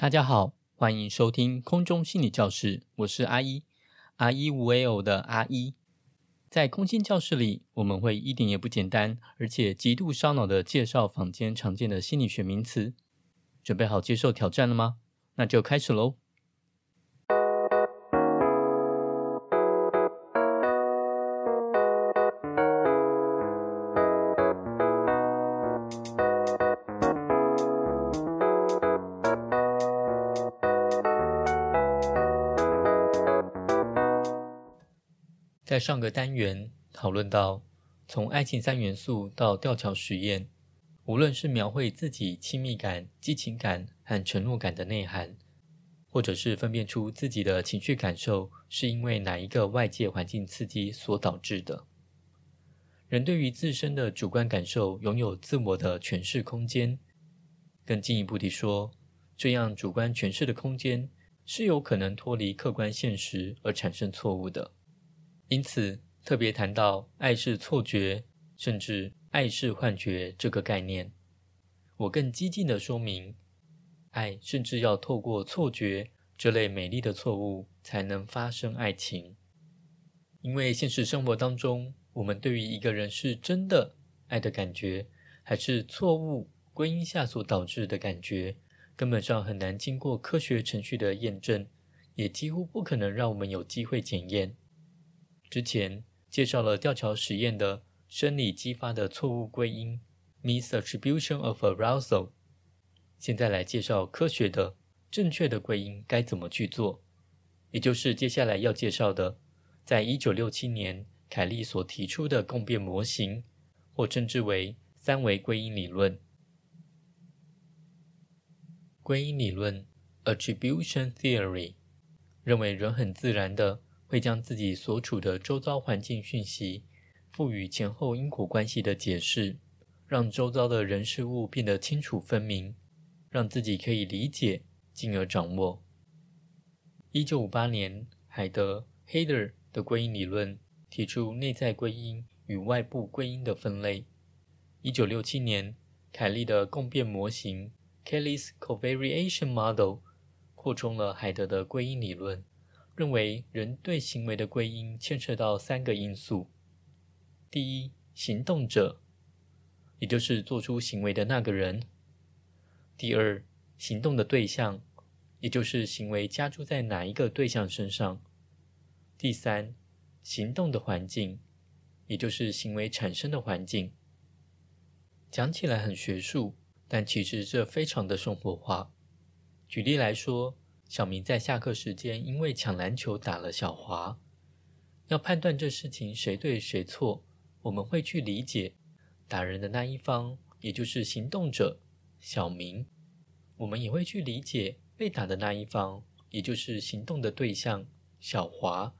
大家好，歡迎收聽空中心理教室，我是阿一，阿一無為偶的阿一。在空心教室裡，我們會一點也不簡單，而且極度燒腦地介紹房間常見的心理學名詞。準備好接受挑戰了嗎？那就開始嘍。在上個單元討論到，從愛情三元素到吊橋實驗，無論是描繪自己親密感、激情感和承諾感的內涵，或者是分辨出自己的情緒感受是因為哪一個外界環境刺激所導致的，人對於自身的主觀感受擁有自我的詮釋空間。更進一步地說，這樣主觀詮釋的空間是有可能脫離客觀現實而產生錯誤的。因此，特別談到“愛是錯覺，甚至愛是幻覺”這個概念，我更激進地說明：愛甚至要透過錯覺這類美麗的錯誤才能發生愛情。因為現實生活當中，我們對於一個人是真的愛的感覺，還是錯誤歸因下所導致的感覺，根本上很難經過科學程序的驗證，也幾乎不可能讓我們有機會檢驗。之前介紹了吊橋實驗的生理激發的錯誤歸因 （misattribution of arousal）。現在來介紹科學的、正確的歸因該怎麼去做，也就是接下來要介紹的，在1967年凱利所提出的共變模型，或稱之為三維歸因理論（歸因理論，attribution theory），認為人很自然的。會將自己所處的周遭環境訊息賦予前後因果關係的解釋，讓周遭的人事物變得清楚分明，讓自己可以理解進而掌握。一九五八年，海德 Heider 的歸因理論提出內在歸因與外部歸因的分類。一九六七年，凱利的共變模型 （Kelly's Covariation Model） 擴充了海德的歸因理論。認為人對行為的歸因牽涉到三個因素：第一，行動者，也就是做出行為的那個人；第二，行動的對象，也就是行為加注在哪一個對象身上；第三，行動的環境，也就是行為產生的環境。講起來很學術，但其實這非常的生活化。舉例來說。小明在下課時間因為搶籃球打了小華。要判斷這事情誰對誰錯，我們會去理解打人的那一方，也就是行動者，小明。我們也會去理解被打的那一方，也就是行動的對象，小華。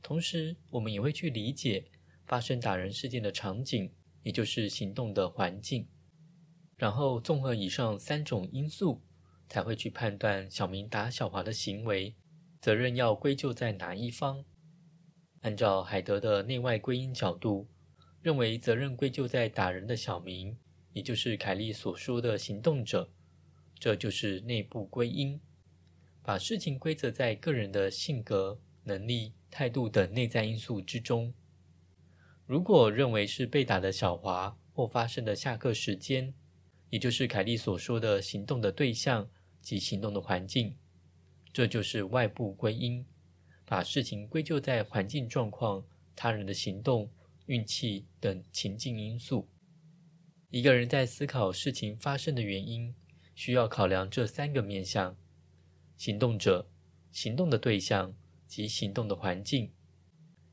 同時，我們也會去理解發生打人事件的場景，也就是行動的環境。然後綜合以上三種因素。才會去判斷小明打小華的行為，責任要歸咎在哪一方？按照海德的內外歸因角度，認為責任歸咎在打人的小明，也就是凱利所說的行動者，這就是內部歸因，把事情歸責在個人的性格、能力、態度等內在因素之中。如果認為是被打的小華或發生的下課時間，也就是凱利所說的行動的對象及行動的環境，這就是外部歸因，把事情歸咎在環境狀況、他人的行動、運氣等情境因素。一個人在思考事情發生的原因，需要考量這三個面向：行動者、行動的對象及行動的環境，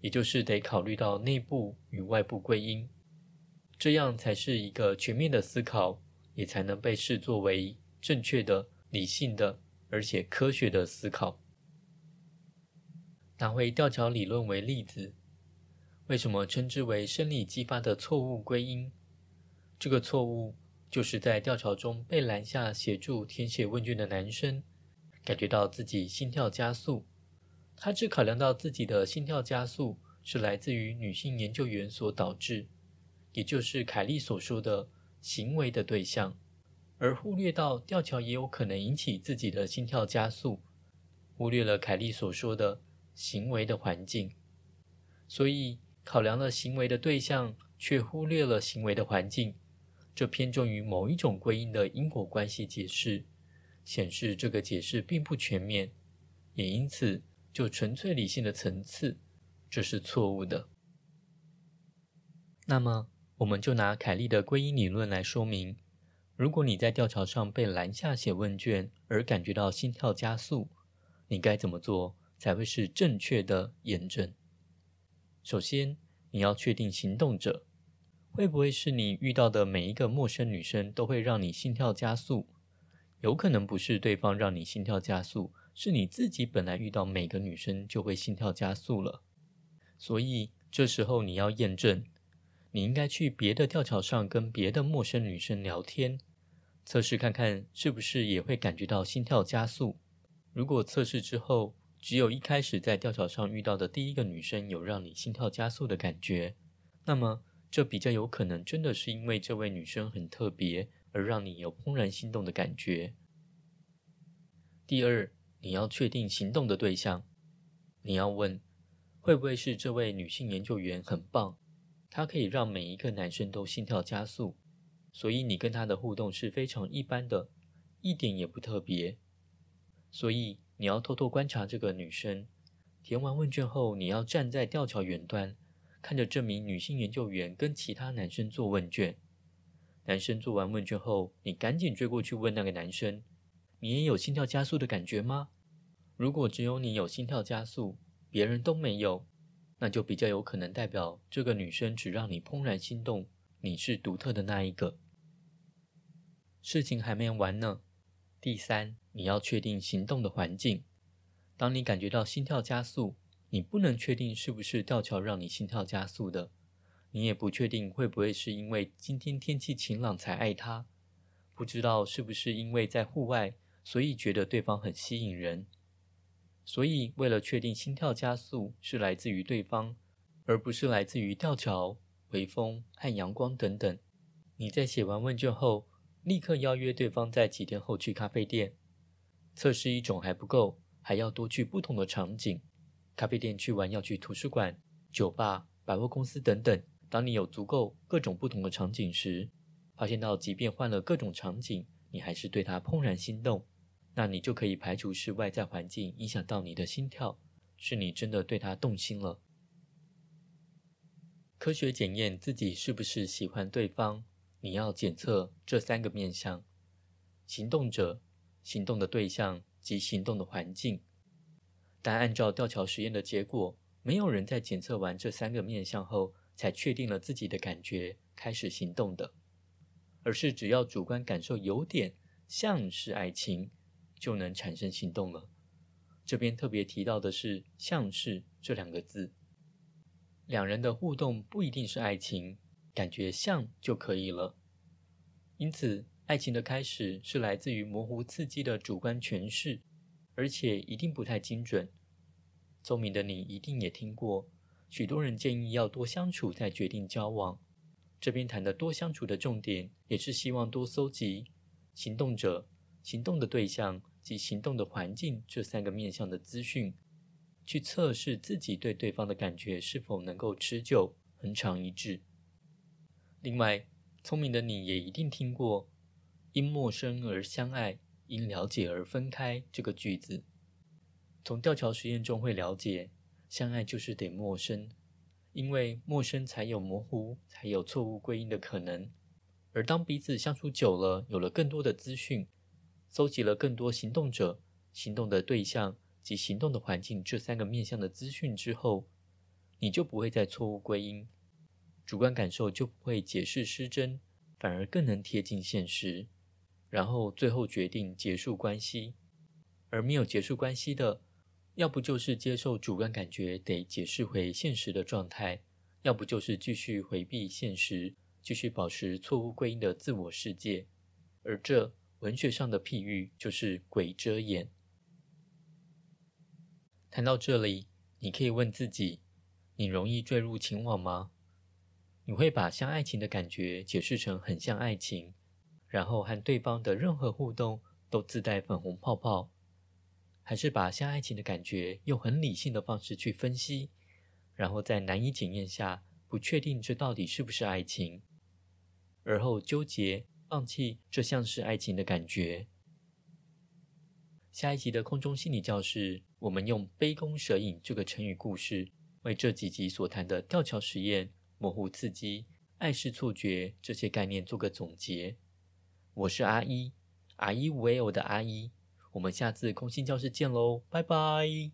也就是得考慮到內部與外部歸因，這樣才是一個全面的思考。也才能被視作為正確的、理性的，而且科學的思考。拿回吊橋理論為例子，為什麼稱之為生理激發的錯誤歸因？這個錯誤就是在吊橋中被攔下協助填寫問卷的男生，感覺到自己心跳加速。他只考量到自己的心跳加速是來自於女性研究員所導致，也就是凱利所說的。行為的對象，而忽略到吊橋也有可能引起自己的心跳加速，忽略了凱利所說的“行為的環境”，所以考量了行為的對象，卻忽略了行為的環境，這偏重於某一種歸因的因果關係解釋，顯示這個解釋並不全面，也因此就純粹理性的層次，這是錯誤的。那麼，我們就拿凱利的歸因理論來說明：如果你在吊橋上被攔下寫問卷，而感覺到心跳加速，你該怎麼做才會是正確的驗證？首先，你要確定行動者會不會是你遇到的每一個陌生女生都會讓你心跳加速？有可能不是對方讓你心跳加速，是你自己本來遇到每個女生就會心跳加速了。所以，這時候你要驗證。你應該去別的吊橋上跟別的陌生女生聊天，測試看看是不是也會感覺到心跳加速。如果測試之後，只有一開始在吊橋上遇到的第一個女生有讓你心跳加速的感覺，那麼這比較有可能真的是因為這位女生很特別而讓你有怦然心動的感覺。第二，你要確定行動的對象，你要問會不會是這位女性研究員很棒。他可以讓每一個男生都心跳加速，所以你跟他的互動是非常一般的，一點也不特別。所以你要偷偷觀察這個女生，填完問卷後，你要站在吊橋遠端，看着這名女性研究員跟其他男生做問卷。男生做完問卷後，你趕緊追過去問那個男生：“你也有心跳加速的感覺嗎？”如果只有你有心跳加速，別人都沒有。那就比較有可能代表這個女生只讓你怦然心動，你是獨特的那一個。事情還沒完呢。第三，你要確定行動的環境。當你感覺到心跳加速，你不能確定是不是吊橋讓你心跳加速的，你也不確定會不會是因為今天天氣晴朗才愛他，不知道是不是因為在戶外，所以覺得對方很吸引人。所以，為了確定心跳加速是來自於對方，而不是來自於吊橋、微風和陽光等等，你在寫完問卷後，立刻邀約對方在幾天後去咖啡店，測試一種還不夠，還要多去不同的場景。咖啡店去完要去圖書館、酒吧、百貨公司等等。當你有足夠各種不同的場景時，發現到即便換了各種場景，你還是對他怦然心動。那你就可以排除是外在環境影響到你的心跳，是你真的對他動心了。科學檢驗自己是不是喜歡對方，你要檢測這三個面向：行動者、行動的對象及行動的環境。但按照吊橋實驗的結果，沒有人在檢測完這三個面向後才確定了自己的感覺，開始行動的，而是只要主觀感受有點像是愛情。就能產生行動了。這邊特別提到的是“像是”這兩個字，兩人的互動不一定是愛情，感覺像就可以了。因此，愛情的開始是來自於模糊刺激的主觀詮釋，而且一定不太精準。聰明的你一定也聽過，許多人建議要多相處再決定交往。這邊談的多相處的重點，也是希望多搜集行動者。行動的對象及行動的環境這三個面向的資訊，去測試自己對對方的感覺是否能夠持久、恆常一致。另外，聰明的你也一定聽過“因陌生而相愛，因了解而分開”這個句子。從吊橋實驗中會了解，相愛就是得陌生，因為陌生才有模糊，才有錯誤歸因的可能。而當彼此相處久了，有了更多的資訊，搜集了更多行動者、行動的對象及行動的環境這三個面向的資訊之後，你就不會再錯誤歸因，主觀感受就不會解釋失真，反而更能貼近現實。然後最後決定結束關係，而沒有結束關係的，要不就是接受主觀感覺得解釋回現實的狀態，要不就是繼續回避現實，繼續保持錯誤歸因的自我世界，而這。文學上的譬喻就是“鬼遮眼”。談到這裡，你可以問自己：你容易墜入情網嗎？你會把像愛情的感覺解釋成很像愛情，然後和對方的任何互動都自帶粉紅泡泡？還是把像愛情的感覺用很理性的方式去分析，然後在難以檢驗下不確定這到底是不是愛情，而後糾結？放棄，這像是愛情的感覺。下一集的空中心理教室，我們用“杯弓蛇影”這個成語故事，為這幾集所談的吊橋實驗、模糊刺激、愛是錯覺這些概念做個總結。我是阿一，阿一唯有的阿一。我們下次空心教室見嘍，拜拜。